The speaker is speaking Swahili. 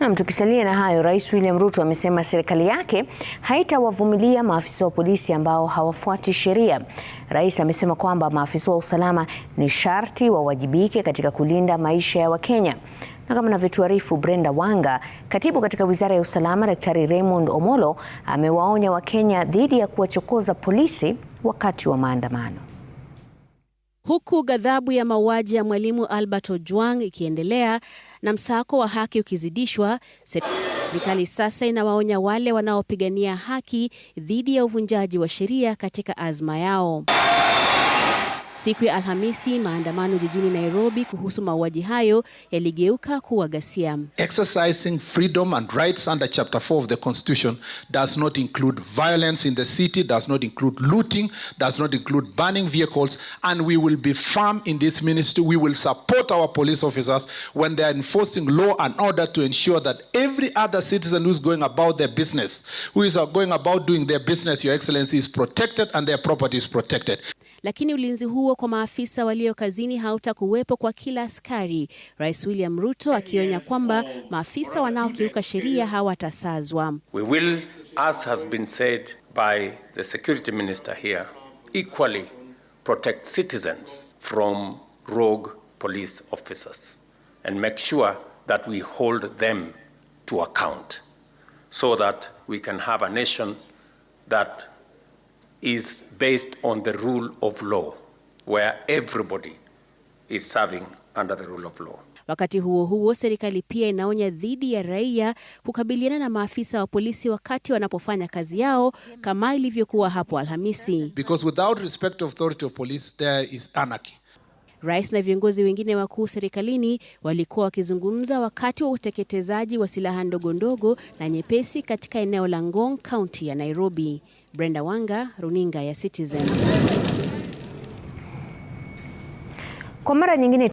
Nam, tukisalia na hayo, Rais William Ruto amesema serikali yake haitawavumilia maafisa wa polisi ambao hawafuati sheria. Rais amesema kwamba maafisa wa usalama ni sharti wawajibike katika kulinda maisha ya Wakenya. Na kama anavyotuarifu Brenda Wanga, katibu katika Wizara ya Usalama Daktari Raymond Omolo amewaonya Wakenya dhidi ya kuwachokoza polisi wakati wa maandamano. Huku ghadhabu ya mauaji ya mwalimu Albert Ojwang ikiendelea na msako wa haki ukizidishwa, serikali sasa inawaonya wale wanaopigania haki dhidi ya uvunjaji wa sheria katika azma yao Siku ya Alhamisi, maandamano jijini Nairobi kuhusu mauaji hayo yaligeuka kuwa ghasia. Exercising freedom and rights under chapter 4 of the constitution does not include violence in the city, does not include looting, does not include burning vehicles and we will be firm in this ministry. We will support our police officers when they are enforcing law and order to ensure that every other citizen who is going about their business, who is going about doing their business, your excellency, is protected and their property is protected lakini ulinzi huo kwa maafisa walio kazini hautakuwepo kwa kila askari, Rais William Ruto akionya kwamba maafisa wanaokiuka sheria hawatasazwa. We will, as has been said by the security minister here, equally protect citizens from rogue police officers and make sure that we hold them to account so that we can have a nation that is based on the rule of law where everybody is serving under the rule of law. Wakati huo huo, serikali pia inaonya dhidi ya raia kukabiliana na maafisa wa polisi wakati wanapofanya kazi yao kama ilivyokuwa hapo Alhamisi. Because without respect of authority of police there is anarchy. Rais na viongozi wengine wakuu serikalini walikuwa wakizungumza wakati wa uteketezaji wa silaha ndogo ndogo na nyepesi katika eneo la Ngong, kaunti ya Nairobi. Brenda Wanga, runinga ya Citizen. Kwa mara nyingine